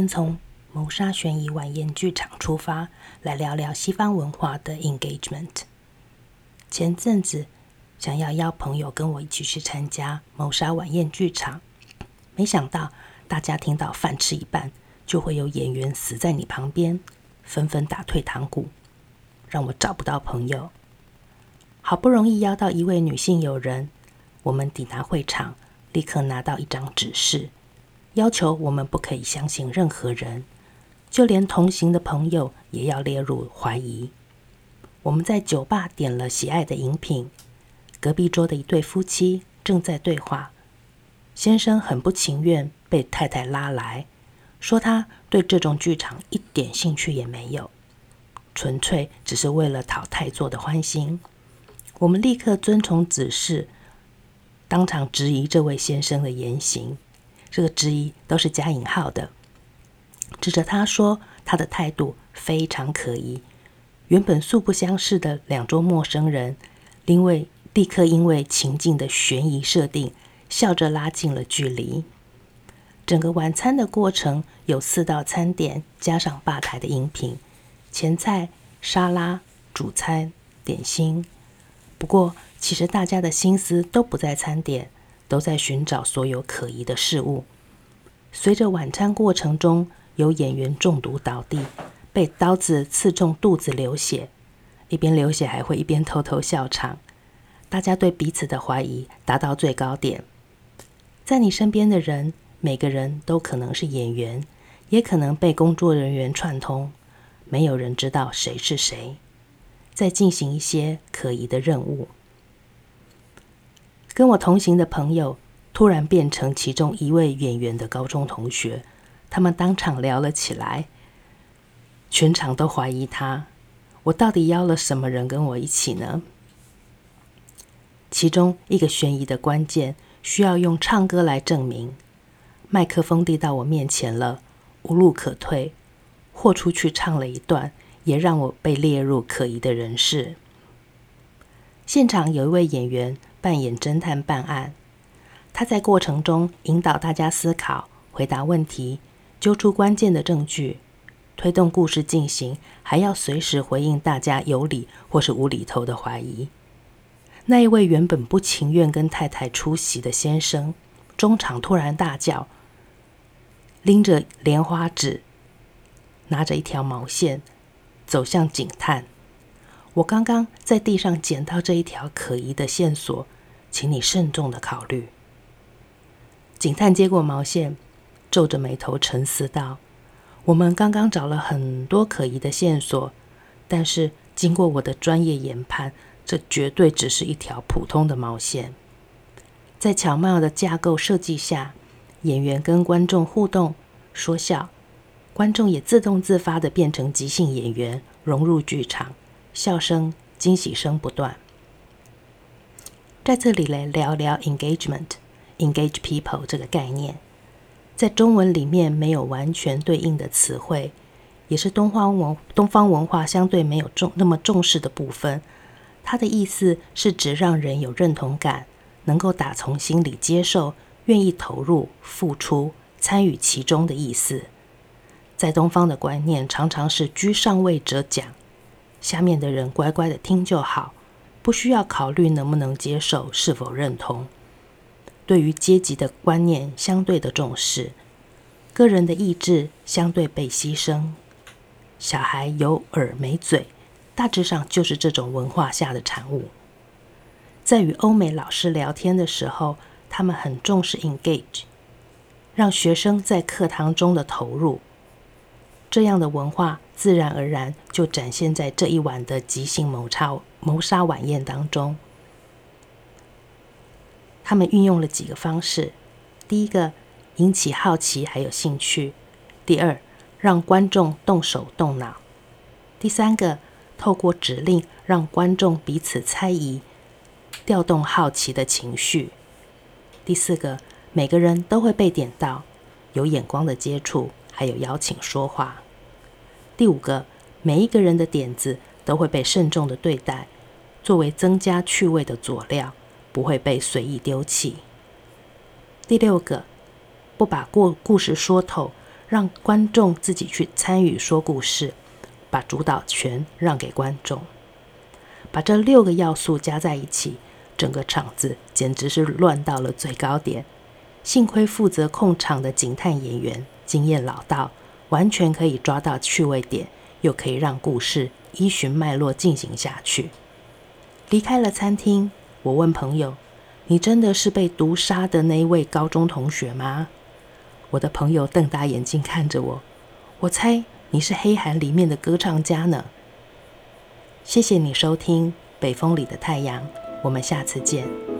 先從謀殺懸疑晚宴劇場出發，來聊聊西方文化的 engagement。前陣子想要邀朋友跟我一起去參加謀殺晚宴劇場，沒想到大家聽到飯吃一半就會有演員死在你旁邊，紛紛打退堂鼓，讓我找不到朋友。好不容易邀到一位女性友人，我們抵達會場，立刻拿到一張指示。要求我們不可以相信任何人，就連同行的朋友也要列入懷疑。我們在酒吧點了喜愛的飲品，隔壁桌的一對夫妻正在對話。先生很不情願被太太拉來，說他對這種劇場一點興趣也沒有，純粹只是為了討太座的歡心。我們立刻遵從指示，當場質疑這位先生的言行。這個質疑都是加引號的，指着他說：“他的態度非常可疑。”原本素不相識的兩桌陌生人，因為立刻因為情境的懸疑設定，笑着拉近了距離。整個晚餐的過程有四道餐點，加上吧台的飲品、前菜、沙拉、主餐、點心。不過，其實大家的心思都不在餐點。都在尋找所有可疑的事物。隨着晚餐過程中有演員中毒倒地，被刀子刺中肚子流血，一邊流血還會一邊偷偷笑場，大家對彼此的懷疑達到最高點。在你身邊的人，每個人都可能是演員，也可能被工作人員串通，沒有人知道誰是誰，在進行一些可疑的任務。跟我同行的朋友突然變成其中一位演員的高中同學，他們當場聊了起來，全場都懷疑他，我到底邀了什麼人跟我一起呢？其中一個懸疑的關鍵需要用唱歌來證明，麥克風遞到我面前了，無路可退，豁出去唱了一段，也讓我被列入可疑的人士。現場有一位演員。扮演偵探辦案，他在過程中，引導大家思考、回答問題、揪出關鍵的證據、推動故事進行，還要隨時回應大家有理或是無厘頭的懷疑。那一位原本不情願跟太太出席的先生，中場突然大叫，拎着蓮花指，拿着一條毛線，走向警探。我剛剛在地上撿到這一條可疑的線索，請你慎重的考慮。警探接過毛線，皺着眉頭沉思道：“我們剛剛找了很多可疑的線索，但是經過我的專業研判，這絕對只是一條普通的毛線。”在巧妙的架構設計下，演員跟觀眾互動說笑，觀眾也自動自發的變成即興演員，融入劇場。笑聲、驚喜聲不斷。在這裡來聊聊 engagement、engage people 這個概念，在中文裡面沒有完全對應的詞彙，也是東方文東方文化相對沒有重，那麼重視的部分。它的意思是指讓人有認同感，能夠打從心裡接受、願意投入、付出、參與其中的意思。在東方的觀念，常常是居上位者講。下面的人乖乖的聽就好，不需要考慮能不能接受，是否認同。對於階級的觀念相對的重視，個人的意志相對被犧牲。小孩有耳沒嘴，大致上就是這種文化下的產物。在與歐美老師聊天的時候，他們很重視 engage，讓學生在課堂中的投入。這樣的文化。自然而然就展現在這一晚的即興謀殺謀殺晚宴當中。他們運用了幾個方式：第一個，引起好奇還有興趣；第二，讓觀眾動手動腦；第三個，透過指令讓觀眾彼此猜疑，調動好奇的情緒；第四個，每個人都會被點到，有眼光的接觸，還有邀請說話。第五個，每一個人的點子都會被慎重的對待，作為增加趣味的佐料，不會被隨意丟棄。第六個，不把故故事說透，讓觀眾自己去參與說故事，把主導權讓給觀眾。把這六個要素加在一起，整個場子簡直是亂到了最高點。幸虧負責控場的警探演員經驗老道。完全可以抓到趣味點，又可以讓故事依循脈絡進行下去。離開了餐廳，我問朋友：“你真的是被毒殺的那一位高中同學嗎？”我的朋友瞪大眼睛看着我，我猜你是黑函裡面的歌唱家呢。謝謝你收聽《北風裡的太陽》，我們下次見。